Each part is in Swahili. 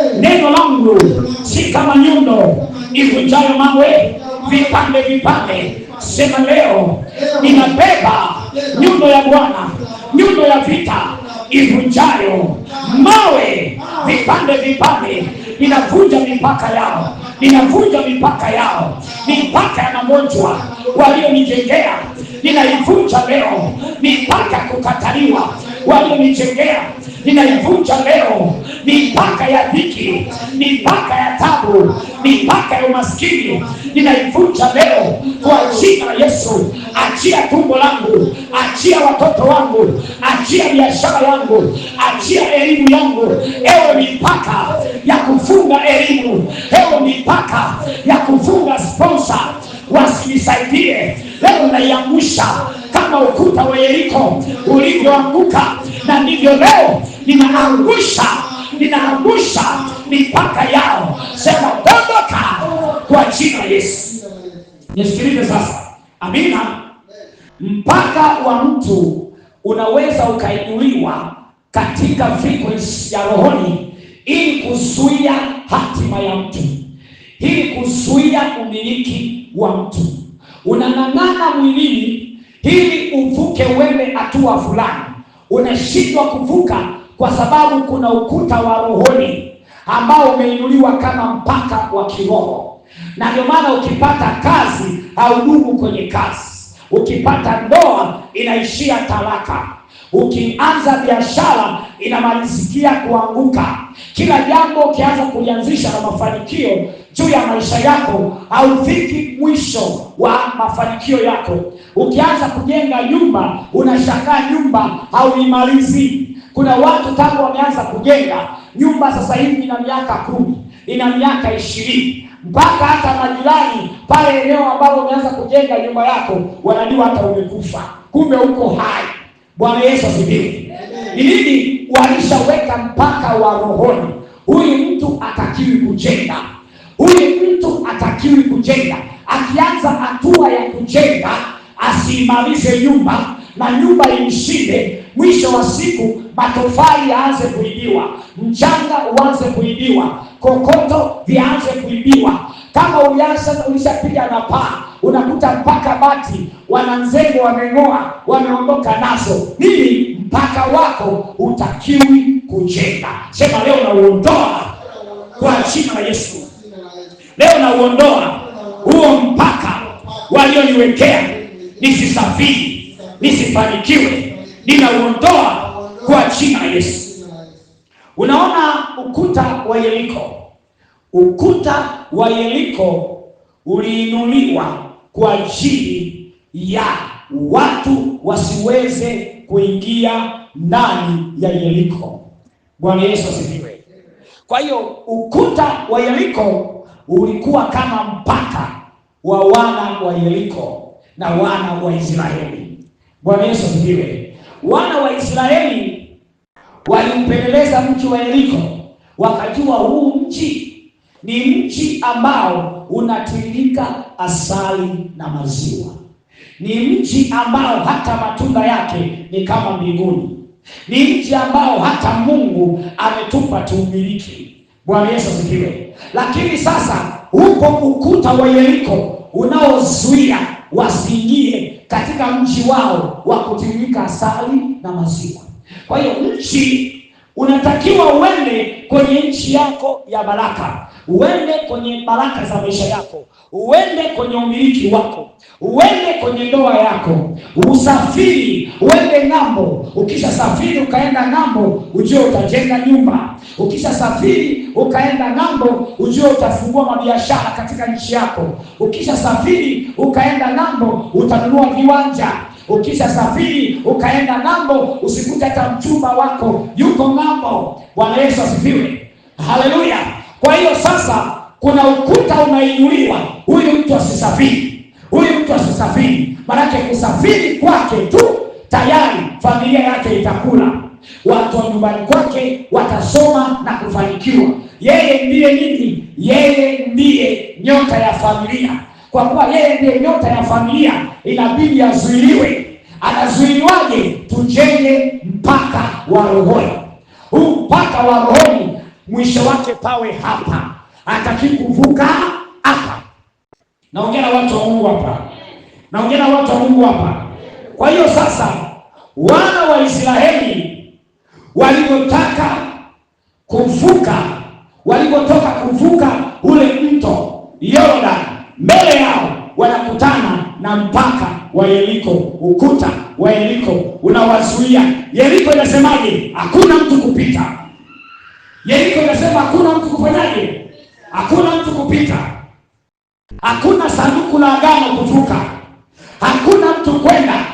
Neno langu si kama nyundo ivunjayo mawe vipande vipande. Sema leo ninabeba nyundo ya Bwana, nyundo ya vita ivunjayo mawe vipande vipande. Ninavunja mipaka yao, ninavunja mipaka yao, mipaka ya magonjwa walionijengea ninaivunja leo, mipaka ya kukataliwa walionichengea, ninaivunja leo mipaka ya dhiki, mipaka ya tabu, mipaka ya umaskini, ninaivunja leo kwa jina la Yesu. Achia tumbo langu, achia watoto wangu, achia biashara yangu, achia elimu yangu. Ewe mipaka ya kufunga elimu, ewe mipaka ya kufunga sponsor wasinisaidie. Leo naiangusha kama ukuta wa Yeriko ulivyoanguka, na ndivyo leo ninaangusha, ninaangusha mipaka yao. Sema bondoka kwa jina Yesu. Nisikilize sasa, amina. Mpaka wa mtu unaweza ukainuliwa katika frequency ya rohoni ili kuzuia hatima ya mtu hii kuzuia umiliki wa mtu. Unang'ang'ana mwilini ili uvuke uende hatua fulani, unashindwa kuvuka kwa sababu kuna ukuta wa rohoni ambao umeinuliwa kama mpaka wa kiroho, na ndio maana ukipata kazi haudumu kwenye kazi, ukipata ndoa inaishia talaka, ukianza biashara inamalizikia kuanguka. Kila jambo ukianza kulianzisha na mafanikio juu ya maisha yako, haufiki mwisho wa mafanikio yako. Ukianza kujenga nyumba, unashangaa nyumba hauimalizi. Kuna watu tangu wameanza kujenga nyumba, sasa hivi ina miaka kumi, ina miaka ishirini, mpaka hata majirani pale eneo ambapo umeanza kujenga nyumba yako wanajua hata umekufa, kumbe uko hai. Bwana Yesu asifiwe. ilini Walishaweka mpaka wa rohoni, huyu mtu atakiwi kujenga Huyu mtu atakiwi kujenga. Akianza hatua ya kujenga, asiimamishe nyumba na nyumba imshinde. Mwisho wa siku, matofali yaanze kuibiwa, mchanga uanze kuibiwa, kokoto vianze kuibiwa. Kama ulianza ulishapiga na paa, unakuta mpaka bati wanamzenge wameng'oa, wameondoka nazo. Nini? Mpaka wako utakiwi kujenga. Sema leo, nauondoa kwa jina la Yesu leo nauondoa huo mpaka walioniwekea nisisafiri, nisifanikiwe, ninauondoa kwa jina Yesu. Unaona ukuta wa Yeriko, ukuta wa Yeriko uliinuliwa kwa ajili ya watu wasiweze kuingia ndani ya Yeriko. Bwana Yesu asifiwe. Kwa hiyo ukuta wa Yeriko ulikuwa kama mpaka wa wana wa Yeriko na wana wa Israeli. Bwana Yesu asifiwe. Wana wa Israeli walimpeleleza mji wa Yeriko, wakajua huu mji ni mji ambao unatiririka asali na maziwa, ni mji ambao hata matunda yake ni kama mbinguni, ni mji ambao hata Mungu ametupa tuumiliki. Bwana Yesu asifiwe. Lakini sasa huko ukuta wa Yeriko unaozuia wasiingie katika mji wao wa kutiririka asali na maziwa. Kwa hiyo nchi Unatakiwa uende kwenye nchi yako ya baraka, uende kwenye baraka za maisha yako, uende kwenye umiliki wako, uende kwenye ndoa yako, usafiri, uende ng'ambo. ukisha safiri ukaenda ng'ambo, ujue utajenga nyumba. safiri ukaenda ng'ambo, ujue utafungua mabiashara katika nchi yako. ukisha safiri ukaenda ng'ambo, utanunua viwanja Ukisha safiri ukaenda ng'ambo, usikute hata mchumba wako yuko ng'ambo. Bwana Yesu asifiwe, haleluya. Kwa hiyo sasa kuna ukuta unainuliwa, huyu mtu asisafiri, huyu mtu asisafiri. Maanake kusafiri kwake tu tayari familia yake itakula, watu wa nyumbani kwake watasoma na kufanikiwa. Yeye ndiye nini? Yeye ndiye nyota ya familia kwa kuwa yeye ndiye nyota ya familia, inabidi azuiliwe. Anazuiliwaje? Tujenge mpaka wa rohoni. Huu mpaka wa rohoni mwisho wake pawe hapa, hataki kuvuka hapa. Naongea na watu wa Mungu hapa, naongea na watu wa Mungu hapa. Kwa hiyo sasa wana wa Israeli walipotaka kuvuka, walipotoka kuvuka ule mto yoda na mpaka wa Yeriko, ukuta wa Yeriko unawazuia. Yeriko inasemaje? Hakuna mtu kupita. Yeriko inasema hakuna mtu kufanyaje? Hakuna mtu kupita, hakuna sanduku la agano kuvuka, hakuna mtu kwenda.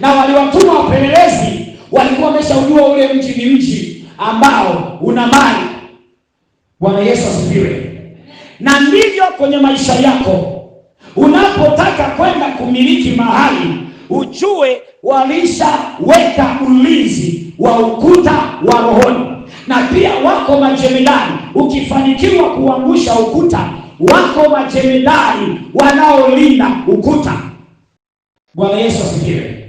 Na waliwatuma wapelelezi, walikuwa wameshaujua ule mji ni mji ambao una mali. Bwana Yesu asifiwe. Na ndivyo kwenye maisha yako Unapotaka kwenda kumiliki mahali, ujue walishaweka ulinzi wa ukuta wa rohoni, na pia wako majemedari. Ukifanikiwa kuangusha ukuta, wako majemedari wanaolinda ukuta. Bwana Yesu asifiwe!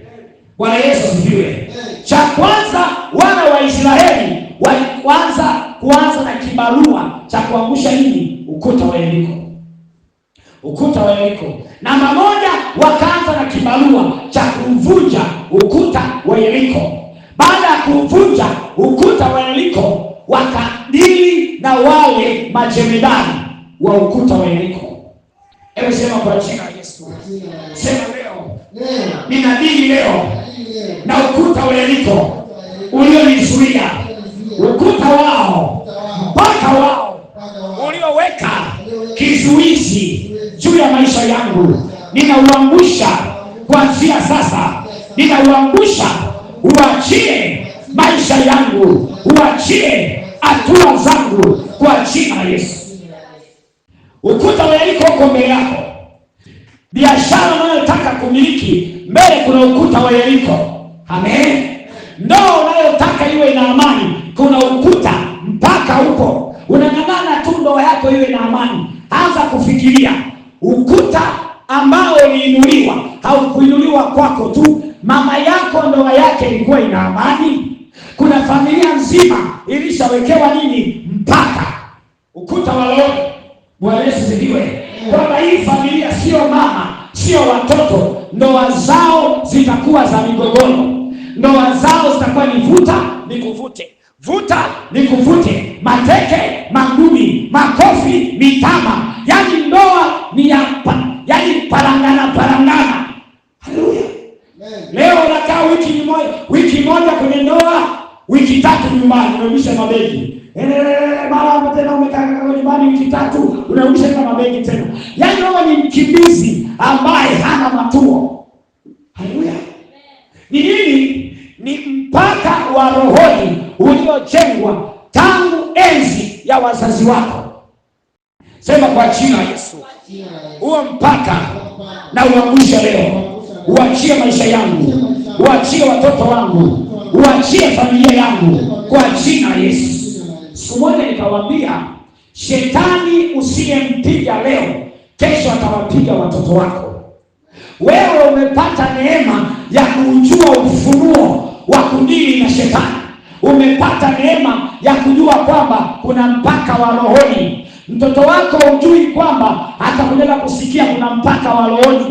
Bwana Yesu asifiwe! Cha kwanza wana wa Israeli walikwanza kuanza na kibarua cha kuangusha nini? Ukuta wa Yeriko ukuta wa Yeriko. Namba moja, wakaanza na kibarua cha kuvunja ukuta wa Yeriko. Baada ya kuvunja ukuta wa Yeriko, wakadili na wale majemadari wa ukuta wa Yeriko. Ewe sema kwa jina la Yesu, sema leo ninadili leo na ukuta wa Yeriko ulionizuia, ukuta wao mpaka wao ulioweka kizuizi juu ya maisha yangu, ninauangusha kuanzia sasa, ninauangusha. Uachie maisha yangu, uachie hatua zangu kwa jina la Yesu. Ukuta wa Yeriko uko mbele yako, biashara unayotaka kumiliki, mbele kuna ukuta wa Yeriko. Amen. ndoo unayotaka iwe na amani, kuna ukuta mpaka huko unang'ang'ana tu ndoa yako iwe na amani. Anza kufikiria ukuta ambao uliinuliwa, haukuinuliwa kwako tu. Mama yako ndoa yake ilikuwa ina amani? Kuna familia nzima ilishawekewa nini, mpaka ukuta wa roho. Bwana Yesu kwamba hii familia sio mama, sio watoto, ndoa zao zitakuwa za migogoro, ndoa zao zitakuwa ni vuta nikuvute. Vuta ni kuvute, mateke, magumi, makofi, mitama, yani ndoa ni ya yaani parangana parangana. Haleluya! Leo unakaa wiki moja wiki moja kwenye ndoa, wiki tatu nyumbani, unarudisha mabegi eh, mara tena, umekaa nyumbani wiki tatu, unarudisha kama mabegi tena. Yaani wewe ni mkimbizi ambaye hana matuo. Haleluya! Ni nini? Ni mpaka wa rohoni uliojengwa tangu enzi ya wazazi wako. Sema kwa jina Yesu, huo mpaka na uangushe leo, uachie maisha yangu, uachie watoto wangu, uachie familia yangu kwa jina Yesu. Siku moja nikawaambia, shetani usiyempiga leo, kesho atawapiga watoto wako. Wewe umepata neema ya kujua ufunuo wa kudili na shetani umepata neema ya kujua kwamba kuna mpaka wa rohoni. Mtoto wako hujui kwamba atakuja kusikia kuna mpaka wa rohoni.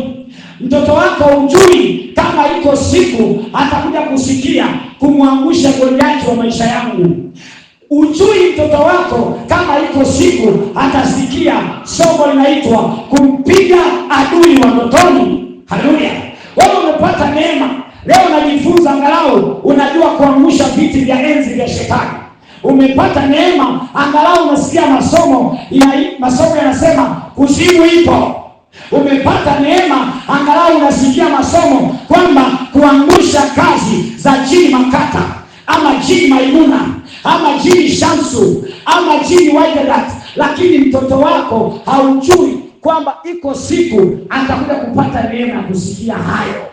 Mtoto wako hujui kama iko siku atakuja kusikia kumwangusha goliati wa maisha yangu Ujui mtoto wako kama iko siku atasikia somo linaitwa kumpiga adui wa ndotoni. Haleluya! Wewe umepata neema Leo unajifunza angalau unajua kuangusha viti vya enzi vya shetani. Umepata neema, angalau unasikia masomo ya masomo yanasema kuzimu ipo. Umepata neema, angalau unasikia masomo kwamba kuangusha kazi za jini Makata ama jini Maimuna ama jini Shamsu ama jini Waidedat, lakini mtoto wako haujui kwamba iko siku atakuja kupata neema ya kusikia hayo.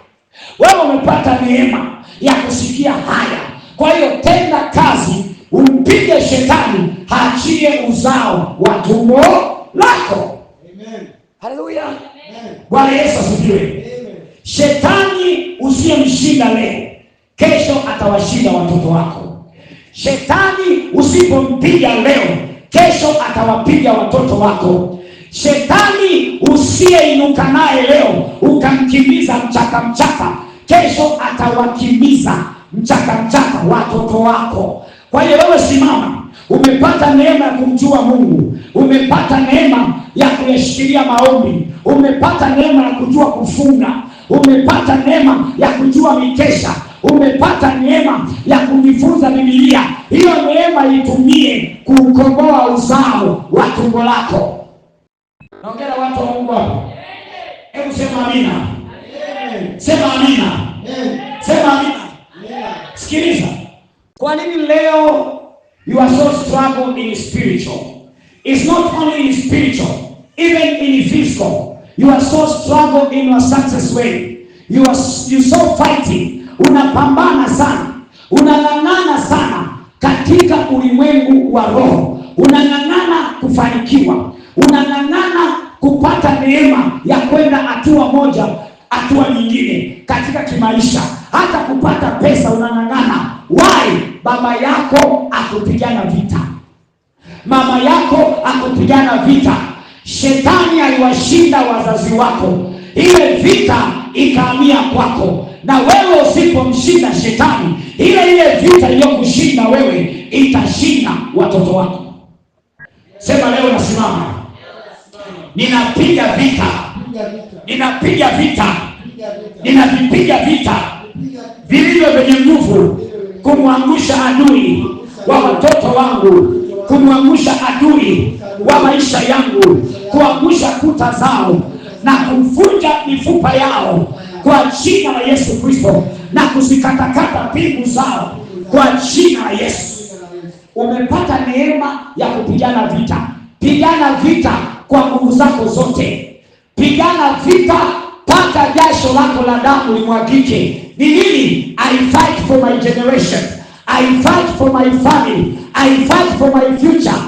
Wewe umepata neema ya kusikia haya, kwa hiyo tenda kazi, umpige shetani, haachie uzao wa tumbo lako. Haleluya, Bwana Yesu asifiwe. Shetani usiyemshinda leo, kesho atawashinda watoto wako. Shetani usipompiga leo, kesho atawapiga watoto wako. Shetani usiyeinuka naye leo ukamkimbiza mchaka mchaka, kesho atawakimbiza mchaka mchaka watoto wako. Kwa hiyo wewe simama, umepata neema ya kumjua Mungu, umepata neema ya kuyashikilia maombi, umepata neema ya kujua kufunga, umepata neema ya kujua mikesha, umepata neema ya kujifunza Biblia. Hiyo neema itumie kuukomboa uzao wa tumbo lako. Naongea watu wa Mungu hapa. Hebu sema amina. Sema amina. Sema amina. Sikiliza. Kwa nini leo you are so struggle in spiritual? It's not only in spiritual, even in physical. You are so struggle in your success way. You are you so fighting. Unapambana sana. Unang'ang'ana sana katika ulimwengu wa roho. Unang'ang'ana kufanikiwa unang'ang'ana kupata neema ya kwenda hatua moja hatua nyingine katika kimaisha, hata kupata pesa unang'ang'ana. Why? Baba yako akupigana vita, mama yako akupigana vita. Shetani aliwashinda wazazi wako, ile vita ikaamia kwako, na wewe usipomshinda shetani, ile ile vita iliyokushinda wewe itashinda watoto wako. Sema leo nasimama ninapiga vita, ninapiga vita, ninavipiga vita vilivyo vyenye nguvu kumwangusha adui wa watoto wangu, kumwangusha adui wa maisha yangu, kuangusha kuta zao na kuvunja mifupa yao kwa jina la Yesu Kristo, na kuzikatakata pingu zao kwa jina la Yesu. Umepata neema ya kupigana vita, pigana vita kwa nguvu zako zote, pigana vita mpaka jasho lako la damu limwagike. Ni nini? I fight for my generation, I fight for my family, I fight for my future.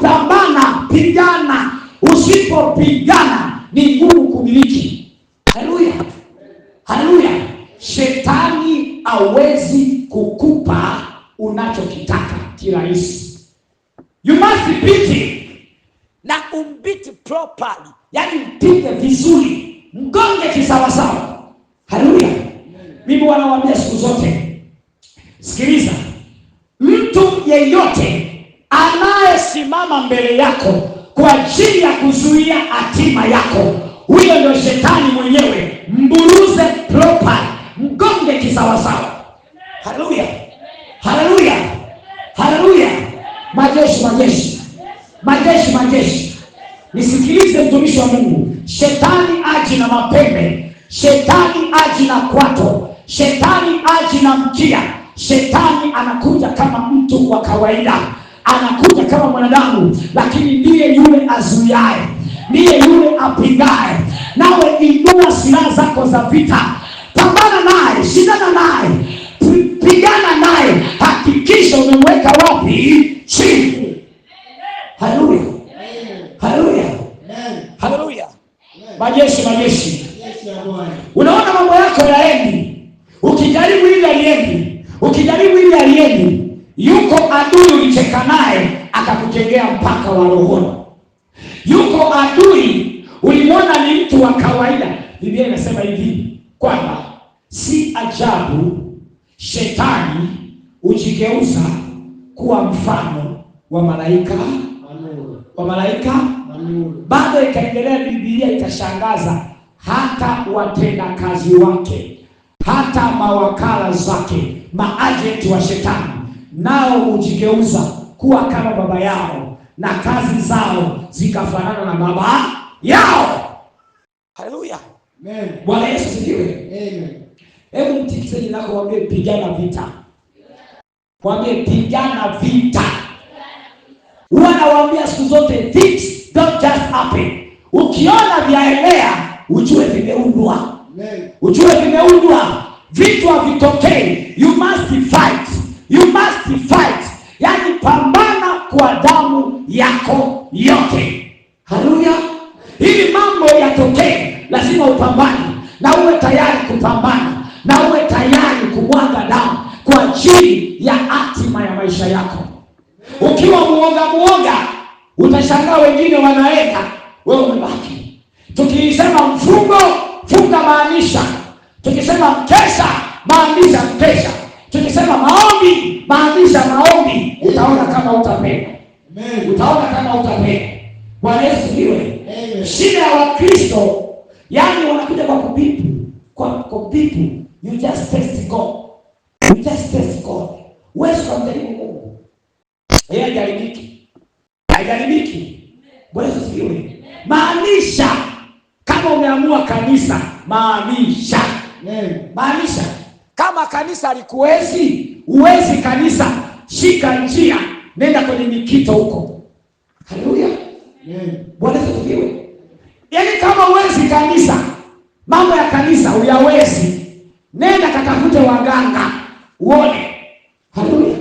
Pambana, pigana. Usipopigana ni ngumu kumiliki. Haleluya, haleluya. Shetani hawezi kukupa unachokitaka kirahisi. You must be beaten na umbiti properly, yani mpige vizuri, mgonge kisawasawa. Haleluya! Mimi wanawaambia siku zote, sikiliza, mtu yeyote anayesimama mbele yako kwa ajili ya kuzuia hatima yako, huyo ndio shetani mwenyewe. Mburuze proper, mgonge kisawasawa. Haleluya, haleluya, haleluya! Majeshi, majeshi Majeshi, majeshi, nisikilize mtumishi wa Mungu. Shetani aji na mapembe, shetani aji na kwato, shetani aji na mkia. Shetani anakuja kama mtu wa kawaida, anakuja kama mwanadamu, lakini ndiye yule azuiaye, ndiye yule apingaye. Nawe inua silaha zako za vita, pambana naye, shindana naye, pigana naye. Hakikisha umemweka wapi? Chini. Haleluya, haleluya, haleluya! Majeshi, majeshi! Unaona mambo yako yaendi, ukijaribu ili aliendi, ukijaribu ili aliendi. Yuko adui ulicheka naye akakutengea mpaka wa rohoni. Yuko adui ulimwona ni mtu wa kawaida. Biblia inasema hivi kwamba si ajabu shetani ujigeuza kuwa mfano wa malaika kwa malaika na miungu. Bado ikaendelea Biblia ikashangaza hata watenda kazi wake, hata mawakala zake, maajenti wa shetani, nao hujigeuza kuwa kama baba yao na kazi zao zikafanana na baba yao. Haleluya, amen. Bwana Yesu sifiwe, amen. Hebu mtikiseni nakowambie mwambie pigana vita, mwambie pigana vita Huwa nawaambia siku zote, things don't just happen. Ukiona vyaelea ujue vimeundwa, ujue vimeundwa. Vitu havitokei, you must fight, you must fight. Yani pambana kwa damu yako yote. Haleluya! Ili mambo yatokee, lazima upambane na uwe tayari kupambana na uwe tayari kumwaga damu kwa ajili ya hatima ya maisha yako. Ukiwa muoga muoga, utashangaa wengine wanaenda, wewe umebaki. Tukisema mfungo, funga maanisha. Tukisema mkesha, maanisha mkesha. Tukisema maombi, maanisha maombi. Utaona kama utapenda, utaona kama utapenda. Bwana Yesu iwe shida ya Wakristo, yaani wanakuja kwa kubipu, kwa kubipu, you just test God kuwa kanisa maanisha maanisha, kama kanisa likuwezi uwezi kanisa, shika njia, nenda kwenye mikito huko. Haleluya, Bwana asifiwe. Yaani kama uwezi kanisa, mambo ya kanisa uyawezi, nenda katafute waganga uone. Haleluya,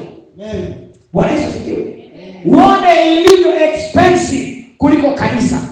Bwana asifiwe, uone ilivyo expensive kuliko kanisa.